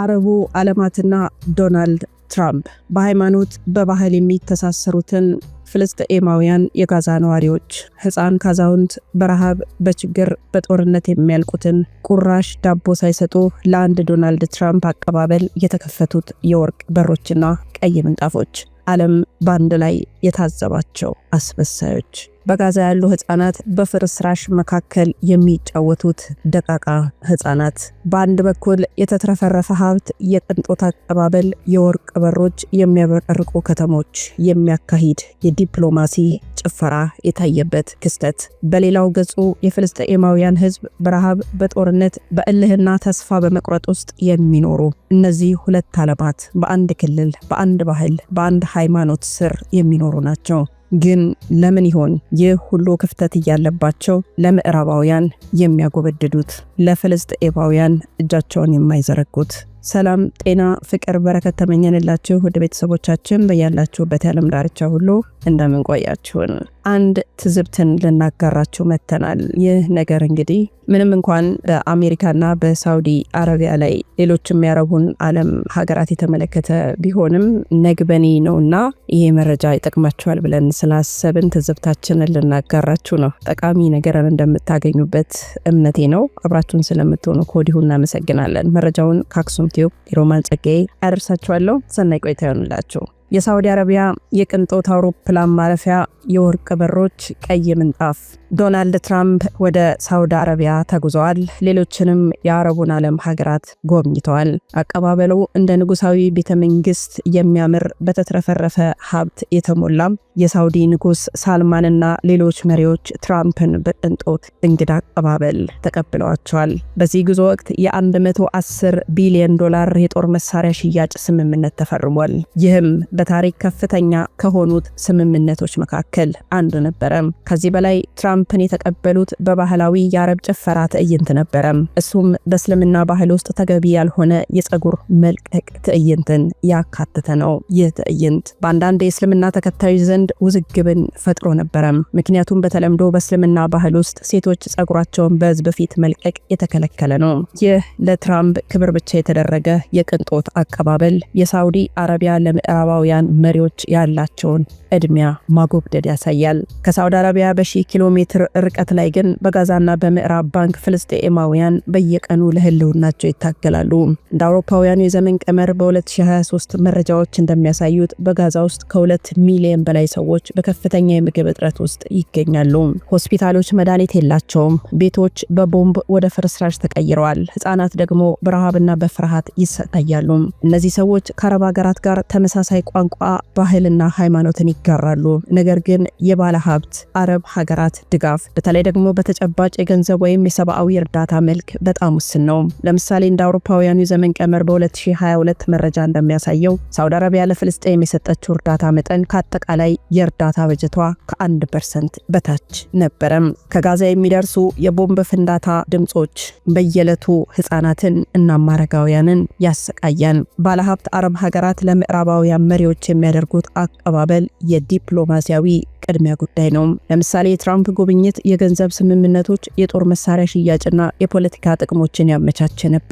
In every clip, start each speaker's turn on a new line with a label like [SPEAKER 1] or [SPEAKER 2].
[SPEAKER 1] አረቡ ዓለማትና ዶናልድ ትራምፕ በሃይማኖት በባህል የሚተሳሰሩትን ፍልስጤማውያን የጋዛ ነዋሪዎች ህፃን ካዛውንት በረሃብ በችግር በጦርነት የሚያልቁትን ቁራሽ ዳቦ ሳይሰጡ ለአንድ ዶናልድ ትራምፕ አቀባበል የተከፈቱት የወርቅ በሮችና ቀይ ምንጣፎች ዓለም በአንድ ላይ የታዘባቸው አስመሳዮች በጋዛ ያሉ ህጻናት በፍርስራሽ መካከል የሚጫወቱት ደቃቃ ህጻናት። በአንድ በኩል የተትረፈረፈ ሀብት፣ የቅንጦት አቀባበል፣ የወርቅ በሮች፣ የሚያብረቀርቁ ከተሞች የሚያካሂድ የዲፕሎማሲ ጭፈራ የታየበት ክስተት፣ በሌላው ገጹ የፍልስጤማውያን ህዝብ በረሃብ በጦርነት በእልህና ተስፋ በመቁረጥ ውስጥ የሚኖሩ እነዚህ ሁለት ዓለማት በአንድ ክልል፣ በአንድ ባህል፣ በአንድ ሃይማኖት ስር የሚኖሩ ናቸው። ግን ለምን ይሆን ይህ ሁሉ ክፍተት እያለባቸው ለምዕራባውያን የሚያጎበድዱት ለፍልስጤማውያን እጃቸውን የማይዘረጉት? ሰላም፣ ጤና፣ ፍቅር፣ በረከት ተመኘንላችሁ ወደ ቤተሰቦቻችን በያላችሁበት የዓለም ዳርቻ ሁሉ እንደምንቆያችሁን አንድ ትዝብትን ልናጋራችሁ መጥተናል። ይህ ነገር እንግዲህ ምንም እንኳን በአሜሪካና በሳውዲ አረቢያ ላይ ሌሎችም ያረቡን ዓለም ሀገራት የተመለከተ ቢሆንም ነግበኔ ነውና ይሄ መረጃ ይጠቅማችኋል ብለን ስላሰብን ትዝብታችንን ልናጋራችሁ ነው። ጠቃሚ ነገርን እንደምታገኙበት እምነቴ ነው። አብራችሁን ስለምትሆኑ ከወዲሁ እናመሰግናለን። መረጃውን ከአክሱም ቲዩብ ሮማን ጸጋዬ አደርሳችኋለሁ። ሰናይ ቆይታ ይሆንላችሁ። የሳዑዲ አረቢያ የቅንጦት አውሮፕላን ማረፊያ የወርቅ በሮች፣ ቀይ ምንጣፍ። ዶናልድ ትራምፕ ወደ ሳዑዲ አረቢያ ተጉዘዋል። ሌሎችንም የአረቡን ዓለም ሀገራት ጎብኝተዋል። አቀባበሉ እንደ ንጉሳዊ ቤተ መንግስት የሚያምር በተትረፈረፈ ሀብት የተሞላም የሳውዲ ንጉስ ሳልማንና ሌሎች መሪዎች ትራምፕን በቅንጦት እንግዳ አቀባበል ተቀብለዋቸዋል። በዚህ ጉዞ ወቅት የ110 ቢሊዮን ዶላር የጦር መሳሪያ ሽያጭ ስምምነት ተፈርሟል። ይህም በታሪክ ከፍተኛ ከሆኑት ስምምነቶች መካከል አንዱ ነበረም። ከዚህ በላይ ትራምፕን የተቀበሉት በባህላዊ የአረብ ጭፈራ ትዕይንት ነበረ። እሱም በእስልምና ባህል ውስጥ ተገቢ ያልሆነ የፀጉር መልቀቅ ትዕይንትን ያካተተ ነው። ይህ ትዕይንት በአንዳንድ የእስልምና ተከታዮች ዘንድ ዘንድ ውዝግብን ፈጥሮ ነበረ። ምክንያቱም በተለምዶ በእስልምና ባህል ውስጥ ሴቶች ጸጉራቸውን በህዝብ ፊት መልቀቅ የተከለከለ ነው። ይህ ለትራምፕ ክብር ብቻ የተደረገ የቅንጦት አቀባበል የሳውዲ አረቢያ ለምዕራባውያን መሪዎች ያላቸውን እድሚያ ማጎብደድ ያሳያል። ከሳውዲ አረቢያ በሺህ ኪሎ ሜትር ርቀት ላይ ግን በጋዛና በምዕራብ ባንክ ፍልስጤማውያን በየቀኑ ለህልውናቸው ይታገላሉ። እንደ አውሮፓውያኑ የዘመን ቀመር በ2023 መረጃዎች እንደሚያሳዩት በጋዛ ውስጥ ከሁለት ሚሊዮን በላይ ሰዎች በከፍተኛ የምግብ እጥረት ውስጥ ይገኛሉ። ሆስፒታሎች መድኃኒት የላቸውም። ቤቶች በቦምብ ወደ ፍርስራሽ ተቀይረዋል። ህጻናት ደግሞ በረሃብና በፍርሃት ይሰቃያሉ። እነዚህ ሰዎች ከአረብ ሀገራት ጋር ተመሳሳይ ቋንቋ፣ ባህልና ሃይማኖትን ይጋራሉ። ነገር ግን የባለ ሀብት አረብ ሀገራት ድጋፍ በተለይ ደግሞ በተጨባጭ የገንዘብ ወይም የሰብአዊ እርዳታ መልክ በጣም ውስን ነው። ለምሳሌ እንደ አውሮፓውያኑ የዘመን ቀመር በ2022 መረጃ እንደሚያሳየው ሳውዲ አረቢያ ለፍልስጤም የሰጠችው እርዳታ መጠን ከአጠቃላይ የእርዳታ በጀቷ ከአንድ ፐርሰንት በታች ነበረም። ከጋዛ የሚደርሱ የቦምብ ፍንዳታ ድምፆች በየዕለቱ ህፃናትን እና አረጋውያንን ያሰቃያል። ባለሀብት አረብ ሀገራት ለምዕራባውያን መሪዎች የሚያደርጉት አቀባበል የዲፕሎማሲያዊ ቅድሚያ ጉዳይ ነው። ለምሳሌ የትራምፕ ጉብኝት የገንዘብ ስምምነቶች፣ የጦር መሳሪያ ሽያጭና የፖለቲካ ጥቅሞችን ያመቻቸ ነበረ።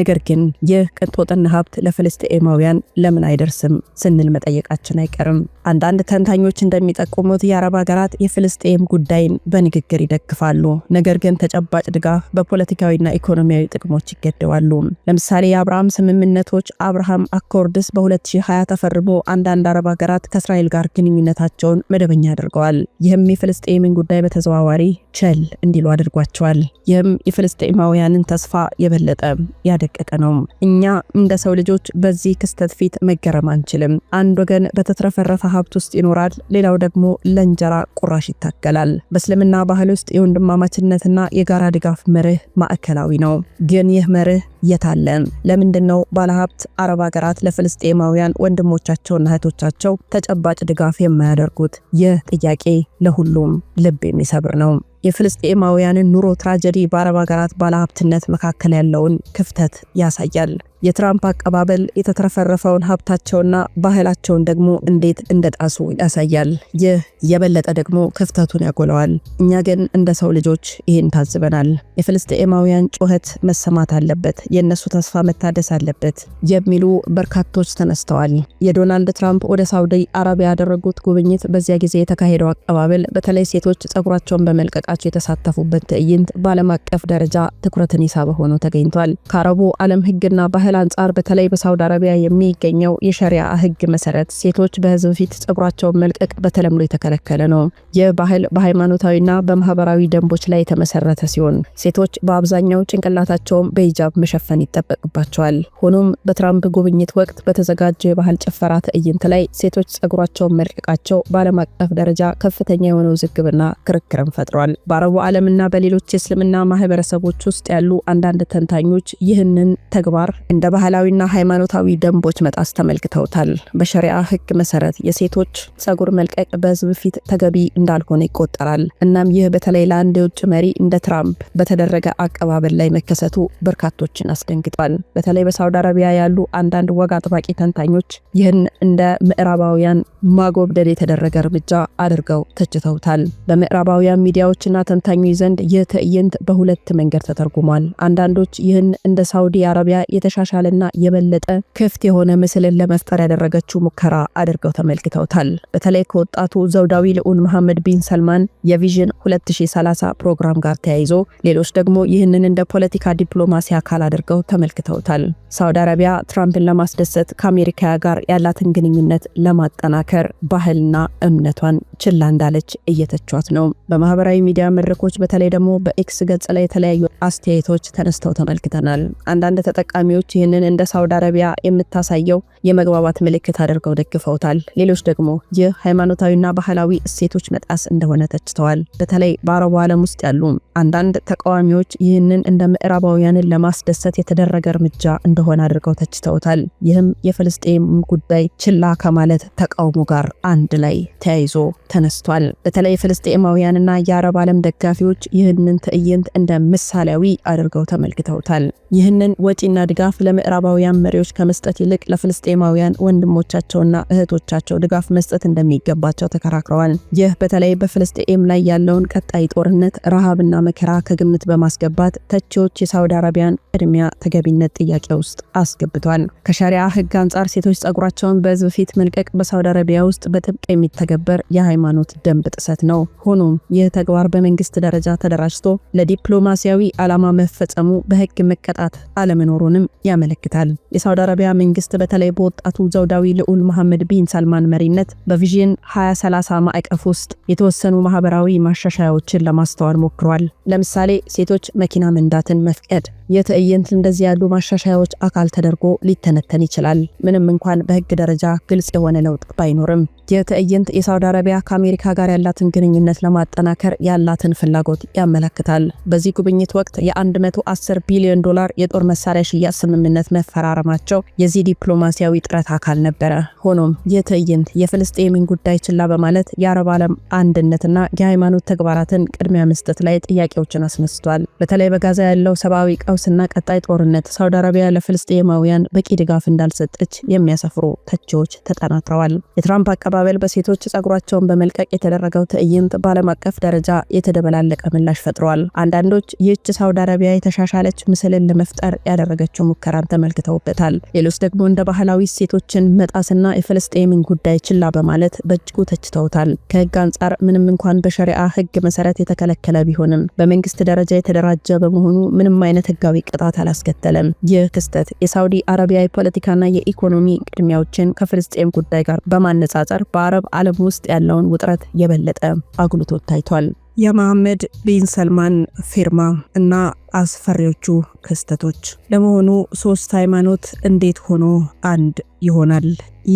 [SPEAKER 1] ነገር ግን ይህ ቅንጦትና ሀብት ለፍልስጤማውያን ለምን አይደርስም ስንል መጠየቃችን አይቀርም። አንዳንድ ተንታኞች እንደሚጠቁሙት የአረብ ሀገራት የፍልስጤም ጉዳይን በንግግር ይደግፋሉ፣ ነገር ግን ተጨባጭ ድጋፍ በፖለቲካዊና ኢኮኖሚያዊ ጥቅሞች ይገደዋሉ። ለምሳሌ የአብርሃም ስምምነቶች አብርሃም አኮርድስ በ2020 ተፈርሞ አንዳንድ አረብ ሀገራት ከእስራኤል ጋር ግንኙነታቸውን መደበኛ አድርገዋል። ይህም የፍልስጤምን ጉዳይ በተዘዋዋሪ ቸል እንዲሉ አድርጓቸዋል። ይህም የፍልስጤማውያንን ተስፋ የበለጠ ያደቀቀ ነው። እኛ እንደ ሰው ልጆች በዚህ ክስተት ፊት መገረም አንችልም። አንድ ወገን በተትረፈረፈ ሀብት ውስጥ ይኖራል፣ ሌላው ደግሞ ለእንጀራ ቁራሽ ይታገላል። በእስልምና ባህል ውስጥ የወንድማማችነትና የጋራ ድጋፍ መርህ ማዕከላዊ ነው። ግን ይህ መርህ የታለን? ለምንድን ነው ባለሀብት አረብ ሀገራት ለፍልስጤማውያን ወንድሞቻቸውና እህቶቻቸው ተጨባጭ ድጋፍ የማያደርጉት? ይህ ጥያቄ ለሁሉም ልብ የሚሰብር ነው። የፍልስጤማውያንን ኑሮ ትራጀዲ በአረብ ሀገራት ባለሀብትነት መካከል ያለውን ክፍተት ያሳያል። የትራምፕ አቀባበል የተትረፈረፈውን ሀብታቸውና ባህላቸውን ደግሞ እንዴት እንደጣሱ ያሳያል። ይህ የበለጠ ደግሞ ክፍተቱን ያጎለዋል። እኛ ግን እንደ ሰው ልጆች ይህን ታዝበናል። የፍልስጤማውያን ጩኸት መሰማት አለበት፣ የእነሱ ተስፋ መታደስ አለበት የሚሉ በርካቶች ተነስተዋል። የዶናልድ ትራምፕ ወደ ሳውዲ አረቢያ ያደረጉት ጉብኝት፣ በዚያ ጊዜ የተካሄደው አቀባበል በተለይ ሴቶች ጸጉራቸውን በመልቀቅ አመልካች የተሳተፉበት ትዕይንት በዓለም አቀፍ ደረጃ ትኩረትን ይሳበ ሆኖ ተገኝቷል። ከአረቡ ዓለም ህግና ባህል አንጻር በተለይ በሳውዲ አረቢያ የሚገኘው የሸሪያ ህግ መሰረት ሴቶች በህዝብ ፊት ጸጉራቸውን መልቀቅ በተለምዶ የተከለከለ ነው። ይህ ባህል በሃይማኖታዊና በማህበራዊ ደንቦች ላይ የተመሰረተ ሲሆን ሴቶች በአብዛኛው ጭንቅላታቸውን በሂጃብ መሸፈን ይጠበቅባቸዋል። ሆኖም በትራምፕ ጉብኝት ወቅት በተዘጋጀ የባህል ጭፈራ ትዕይንት ላይ ሴቶች ጸጉራቸውን መልቀቃቸው በዓለም አቀፍ ደረጃ ከፍተኛ የሆነ ውዝግብና ክርክርን ፈጥሯል። በአረቡ ዓለምና በሌሎች የእስልምና ማህበረሰቦች ውስጥ ያሉ አንዳንድ ተንታኞች ይህንን ተግባር እንደ ባህላዊና ሃይማኖታዊ ደንቦች መጣስ ተመልክተውታል። በሸሪዓ ህግ መሰረት የሴቶች ጸጉር መልቀቅ በህዝብ ፊት ተገቢ እንዳልሆነ ይቆጠራል። እናም ይህ በተለይ ለአንድ የውጭ መሪ እንደ ትራምፕ በተደረገ አቀባበል ላይ መከሰቱ በርካቶችን አስደንግጧል። በተለይ በሳውዲ አረቢያ ያሉ አንዳንድ ወግ አጥባቂ ተንታኞች ይህን እንደ ምዕራባውያን ማጎብደድ የተደረገ እርምጃ አድርገው ተችተውታል። በምዕራባውያን ሚዲያዎች አጥኚዎችና ተንታኞች ዘንድ ይህ ትዕይንት በሁለት መንገድ ተተርጉሟል። አንዳንዶች ይህን እንደ ሳውዲ አረቢያ የተሻሻለና የበለጠ ክፍት የሆነ ምስልን ለመፍጠር ያደረገችው ሙከራ አድርገው ተመልክተውታል። በተለይ ከወጣቱ ዘውዳዊ ልዑል መሐመድ ቢን ሰልማን የቪዥን 2030 ፕሮግራም ጋር ተያይዞ፣ ሌሎች ደግሞ ይህንን እንደ ፖለቲካ ዲፕሎማሲ አካል አድርገው ተመልክተውታል። ሳውዲ አረቢያ ትራምፕን ለማስደሰት ከአሜሪካ ጋር ያላትን ግንኙነት ለማጠናከር ባህልና እምነቷን ችላ እንዳለች እየተቿት ነው። በማህበራዊ ሚዲያ ሚዲያ መድረኮች በተለይ ደግሞ በኤክስ ገጽ ላይ የተለያዩ አስተያየቶች ተነስተው ተመልክተናል። አንዳንድ ተጠቃሚዎች ይህንን እንደ ሳውዲ አረቢያ የምታሳየው የመግባባት ምልክት አድርገው ደግፈውታል። ሌሎች ደግሞ ይህ ሃይማኖታዊና ባህላዊ እሴቶች መጣስ እንደሆነ ተችተዋል። በተለይ በአረቡ ዓለም ውስጥ ያሉ አንዳንድ ተቃዋሚዎች ይህንን እንደ ምዕራባውያንን ለማስደሰት የተደረገ እርምጃ እንደሆነ አድርገው ተችተውታል። ይህም የፍልስጤም ጉዳይ ችላ ከማለት ተቃውሞ ጋር አንድ ላይ ተያይዞ ተነስቷል። በተለይ ፍልስጤማውያንና የአረብ ዓለም ደጋፊዎች ይህንን ትዕይንት እንደ ምሳሌያዊ አድርገው ተመልክተውታል። ይህንን ወጪና ድጋፍ ለምዕራባውያን መሪዎች ከመስጠት ይልቅ ለፍልስ ፍልስጤማውያን ወንድሞቻቸውና እህቶቻቸው ድጋፍ መስጠት እንደሚገባቸው ተከራክረዋል። ይህ በተለይ በፍልስጤም ላይ ያለውን ቀጣይ ጦርነት፣ ረሃብና መከራ ከግምት በማስገባት ተቺዎች የሳውዲ አረቢያን ቅድሚያ ተገቢነት ጥያቄ ውስጥ አስገብቷል። ከሸሪያ ሕግ አንጻር ሴቶች ጸጉራቸውን በህዝብ ፊት መልቀቅ በሳውዲ አረቢያ ውስጥ በጥብቅ የሚተገበር የሃይማኖት ደንብ ጥሰት ነው። ሆኖም ይህ ተግባር በመንግስት ደረጃ ተደራጅቶ ለዲፕሎማሲያዊ ዓላማ መፈጸሙ በህግ መቀጣት አለመኖሩንም ያመለክታል። የሳውዲ አረቢያ መንግስት በተለይ በወጣቱ ዘውዳዊ ልዑል መሐመድ ቢን ሰልማን መሪነት በቪዥን 2030 ማዕቀፍ ውስጥ የተወሰኑ ማህበራዊ ማሻሻያዎችን ለማስተዋል ሞክሯል። ለምሳሌ ሴቶች መኪና መንዳትን መፍቀድ የትዕይንት እንደዚህ ያሉ ማሻሻያዎች አካል ተደርጎ ሊተነተን ይችላል፣ ምንም እንኳን በህግ ደረጃ ግልጽ የሆነ ለውጥ ባይኖርም። የትዕይንት የሳውዲ አረቢያ ከአሜሪካ ጋር ያላትን ግንኙነት ለማጠናከር ያላትን ፍላጎት ያመለክታል። በዚህ ጉብኝት ወቅት የ110 ቢሊዮን ዶላር የጦር መሳሪያ ሽያጭ ስምምነት መፈራረማቸው የዚህ ዲፕሎማሲያዊ ጥረት አካል ነበረ። ሆኖም ይህ ትዕይንት የፍልስጤምን ጉዳይ ችላ በማለት የአረብ ዓለም አንድነትና የሃይማኖት ተግባራትን ቅድሚያ መስጠት ላይ ጥያቄዎችን አስነስቷል። በተለይ በጋዛ ያለው ሰብአዊ ቀውስ ቀውስና ቀጣይ ጦርነት ሳውዲ አረቢያ ለፍልስጤማውያን በቂ ድጋፍ እንዳልሰጠች የሚያሰፍሩ ተቺዎች ተጠናክረዋል። የትራምፕ አቀባበል በሴቶች ጸጉራቸውን በመልቀቅ የተደረገው ትዕይንት በዓለም አቀፍ ደረጃ የተደበላለቀ ምላሽ ፈጥሯል። አንዳንዶች ይህች ሳውዲ አረቢያ የተሻሻለች ምስልን ለመፍጠር ያደረገችው ሙከራን ተመልክተውበታል። ሌሎች ደግሞ እንደ ባህላዊ ሴቶችን መጣስና የፍልስጤምን ጉዳይ ችላ በማለት በእጅጉ ተችተውታል። ከህግ አንጻር ምንም እንኳን በሸሪአ ህግ መሰረት የተከለከለ ቢሆንም በመንግስት ደረጃ የተደራጀ በመሆኑ ምንም አይነት ህግ ህጋዊ ቅጣት አላስከተለም። ይህ ክስተት የሳውዲ አረቢያ የፖለቲካና የኢኮኖሚ ቅድሚያዎችን ከፍልስጤም ጉዳይ ጋር በማነጻጸር በአረብ ዓለም ውስጥ ያለውን ውጥረት የበለጠ አጉልቶት ታይቷል። የመሐመድ ቢን ሰልማን ፊርማ እና አስፈሪዎቹ ክስተቶች። ለመሆኑ ሶስት ሃይማኖት እንዴት ሆኖ አንድ ይሆናል?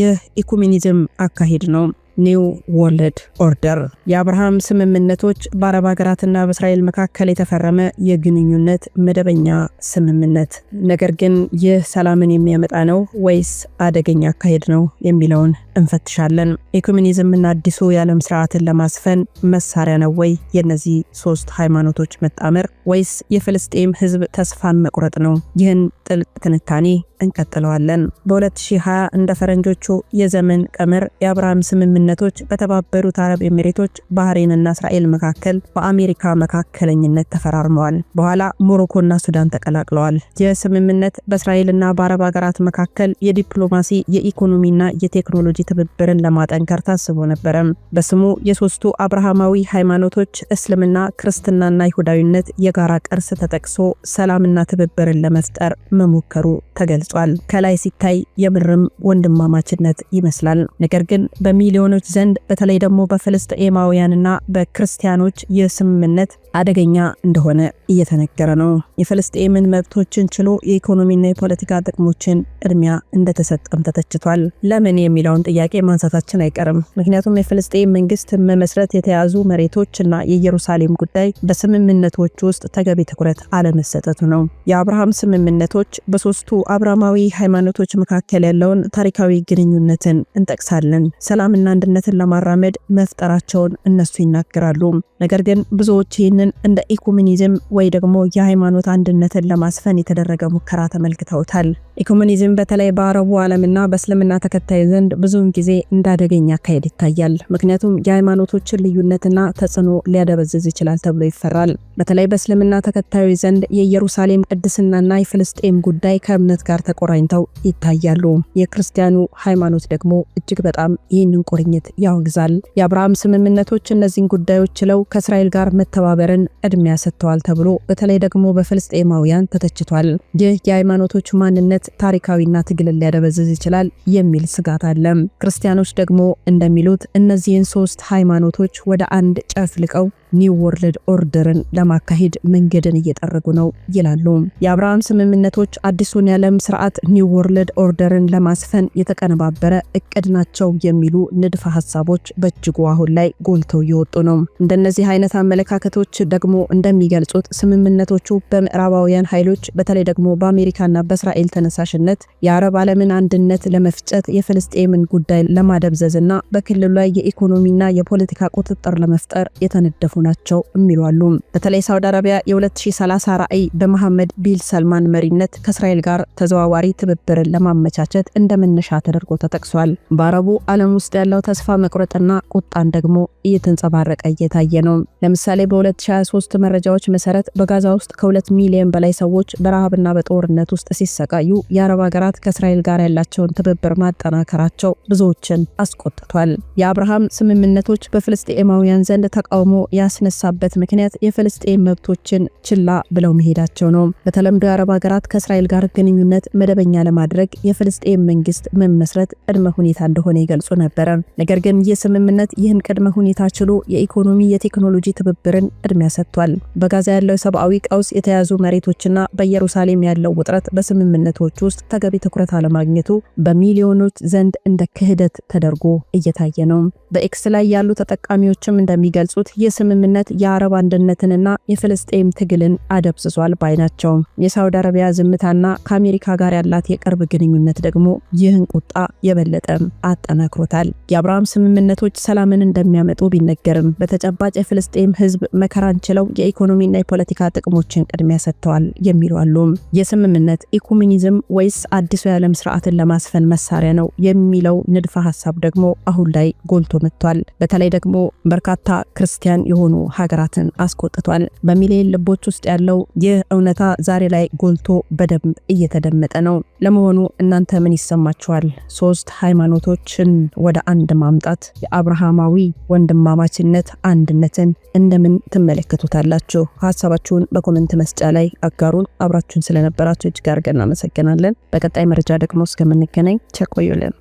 [SPEAKER 1] ይህ ኢኩሚኒዝም አካሄድ ነው ኒው ወርልድ ኦርደር የአብርሃም ስምምነቶች በአረብ ሀገራትና በእስራኤል መካከል የተፈረመ የግንኙነት መደበኛ ስምምነት። ነገር ግን ይህ ሰላምን የሚያመጣ ነው ወይስ አደገኛ አካሄድ ነው የሚለውን እንፈትሻለን። ኢኩሜኒዝምና አዲሱ የዓለም ስርዓትን ለማስፈን መሳሪያ ነው ወይ የነዚህ ሶስት ሃይማኖቶች መጣመር፣ ወይስ የፍልስጤም ህዝብ ተስፋን መቁረጥ ነው? ይህን ጥልቅ ትንታኔ እንቀጥለዋለን። በ2020 እንደ ፈረንጆቹ የዘመን ቀመር የአብርሃም ስምምነቶች በተባበሩት አረብ ኤሚሬቶች፣ ባህሬንና እስራኤል መካከል በአሜሪካ መካከለኝነት ተፈራርመዋል። በኋላ ሞሮኮና ሱዳን ተቀላቅለዋል። ይህ ስምምነት በእስራኤልና በአረብ ሀገራት መካከል የዲፕሎማሲ የኢኮኖሚና የቴክኖሎጂ ትብብርን ለማጠንከር ታስቦ ነበረም። በስሙ የሶስቱ አብርሃማዊ ሃይማኖቶች እስልምና፣ ክርስትናና ይሁዳዊነት የጋራ ቅርስ ተጠቅሶ ሰላምና ትብብርን ለመፍጠር መሞከሩ ተገልጿል። ከላይ ሲታይ የምርም ወንድማማችነት ይመስላል። ነገር ግን በሚሊዮኖች ዘንድ በተለይ ደግሞ በፍልስጤማውያንና በክርስቲያኖች የስምምነት አደገኛ እንደሆነ እየተነገረ ነው። የፍልስጤምን መብቶችን ችሎ የኢኮኖሚና የፖለቲካ ጥቅሞችን ቅድሚያ እንደተሰጠም ተተችቷል። ለምን የሚለውን ጥያቄ ማንሳታችን አይቀርም። ምክንያቱም የፍልስጤም መንግስት መመስረት፣ የተያዙ መሬቶች እና የኢየሩሳሌም ጉዳይ በስምምነቶች ውስጥ ተገቢ ትኩረት አለመሰጠቱ ነው። የአብርሃም ስምምነቶች ሰዎች በሶስቱ አብርሃማዊ ሃይማኖቶች መካከል ያለውን ታሪካዊ ግንኙነትን እንጠቅሳለን። ሰላምና አንድነትን ለማራመድ መፍጠራቸውን እነሱ ይናገራሉ። ነገር ግን ብዙዎች ይህንን እንደ ኢኩሚኒዝም ወይ ደግሞ የሃይማኖት አንድነትን ለማስፈን የተደረገ ሙከራ ተመልክተውታል። ኢኮሙኒዝም በተለይ በአረቡ ዓለምና በእስልምና ተከታይ ዘንድ ብዙውን ጊዜ አደገኛ አካሄድ ይታያል። ምክንያቱም የሃይማኖቶችን ልዩነትና ተጽዕኖ ሊያደበዝዝ ይችላል ተብሎ ይፈራል። በተለይ በእስልምና ተከታዮች ዘንድ የኢየሩሳሌም ቅድስናና የፍልስጤም ጉዳይ ከእምነት ጋር ተቆራኝተው ይታያሉ። የክርስቲያኑ ሃይማኖት ደግሞ እጅግ በጣም ይህንን ቁርኝት ያወግዛል። የአብርሃም ስምምነቶች እነዚህን ጉዳዮች ችለው ከእስራኤል ጋር መተባበርን ቅድሚያ ሰጥተዋል ተብሎ በተለይ ደግሞ በፍልስጤማውያን ተተችቷል። ይህ የሃይማኖቶቹ ማንነት ሂደት ታሪካዊና ትግልን ሊያደበዝዝ ይችላል የሚል ስጋት አለ። ክርስቲያኖች ደግሞ እንደሚሉት እነዚህን ሶስት ሃይማኖቶች ወደ አንድ ጨፍልቀው ኒው ወርልድ ኦርደርን ለማካሄድ መንገድን እየጠረጉ ነው ይላሉ። የአብርሃም ስምምነቶች አዲሱን የዓለም ስርዓት ኒው ወርልድ ኦርደርን ለማስፈን የተቀነባበረ እቅድ ናቸው የሚሉ ንድፈ ሀሳቦች በእጅጉ አሁን ላይ ጎልተው እየወጡ ነው። እንደነዚህ አይነት አመለካከቶች ደግሞ እንደሚገልጹት ስምምነቶቹ በምዕራባውያን ኃይሎች በተለይ ደግሞ በአሜሪካና በእስራኤል ተነሳሽነት የአረብ ዓለምን አንድነት ለመፍጨት የፍልስጤምን ጉዳይ ለማደብዘዝ እና በክልሉ ላይ የኢኮኖሚና የፖለቲካ ቁጥጥር ለመፍጠር የተነደፉ ናቸው የሚሉ አሉ። በተለይ ሳውዲ አረቢያ የ2030 ራዕይ በመሐመድ ቢል ሰልማን መሪነት ከእስራኤል ጋር ተዘዋዋሪ ትብብርን ለማመቻቸት እንደ መነሻ ተደርጎ ተጠቅሷል። በአረቡ ዓለም ውስጥ ያለው ተስፋ መቁረጥና ቁጣን ደግሞ እየተንጸባረቀ እየታየ ነው። ለምሳሌ በ2023 መረጃዎች መሰረት በጋዛ ውስጥ ከ2 ሚሊዮን በላይ ሰዎች በረሃብና በጦርነት ውስጥ ሲሰቃዩ የአረብ ሀገራት ከእስራኤል ጋር ያላቸውን ትብብር ማጠናከራቸው ብዙዎችን አስቆጥቷል። የአብርሃም ስምምነቶች በፍልስጤማውያን ዘንድ ተቃውሞ ያስነሳበት ምክንያት የፍልስጤም መብቶችን ችላ ብለው መሄዳቸው ነው። በተለምዶ የአረብ ሀገራት ከእስራኤል ጋር ግንኙነት መደበኛ ለማድረግ የፍልስጤም መንግስት መመስረት ቅድመ ሁኔታ እንደሆነ ይገልጹ ነበረ። ነገር ግን ይህ ስምምነት ይህን ቅድመ ሁኔታ ችሎ የኢኮኖሚ የቴክኖሎጂ ትብብርን ቅድሚያ ሰጥቷል። በጋዛ ያለው የሰብአዊ ቀውስ፣ የተያዙ መሬቶችና በኢየሩሳሌም ያለው ውጥረት በስምምነቶች ውስጥ ተገቢ ትኩረት አለማግኘቱ በሚሊዮኖች ዘንድ እንደ ክህደት ተደርጎ እየታየ ነው። በኤክስ ላይ ያሉ ተጠቃሚዎችም እንደሚገልጹት የስምም ስምምነት የአረብ አንድነትንና የፍልስጤም ትግልን አደብስሷል ባይ ናቸው። የሳውዲ አረቢያ ዝምታና ከአሜሪካ ጋር ያላት የቅርብ ግንኙነት ደግሞ ይህን ቁጣ የበለጠም አጠናክሮታል። የአብርሃም ስምምነቶች ሰላምን እንደሚያመጡ ቢነገርም በተጨባጭ የፍልስጤም ህዝብ መከራን ችለው የኢኮኖሚና የፖለቲካ ጥቅሞችን ቅድሚያ ሰጥተዋል የሚሉ አሉ። የስምምነት ኢኩሚኒዝም ወይስ አዲሱ የዓለም ስርዓትን ለማስፈን መሳሪያ ነው የሚለው ንድፈ ሀሳብ ደግሞ አሁን ላይ ጎልቶ መጥቷል። በተለይ ደግሞ በርካታ ክርስቲያን የሆኑ የሆኑ ሀገራትን አስቆጥቷል። በሚሊዮን ልቦች ውስጥ ያለው ይህ እውነታ ዛሬ ላይ ጎልቶ በደንብ እየተደመጠ ነው። ለመሆኑ እናንተ ምን ይሰማችኋል? ሶስት ሃይማኖቶችን ወደ አንድ ማምጣት የአብርሃማዊ ወንድማማችነት አንድነትን እንደምን ትመለከቱታላችሁ? ሀሳባችሁን በኮመንት መስጫ ላይ አጋሩን። አብራችሁን ስለነበራችሁ እጅግ አድርገን እናመሰግናለን። በቀጣይ መረጃ ደግሞ እስከምንገናኝ ቸር ቆዩልን።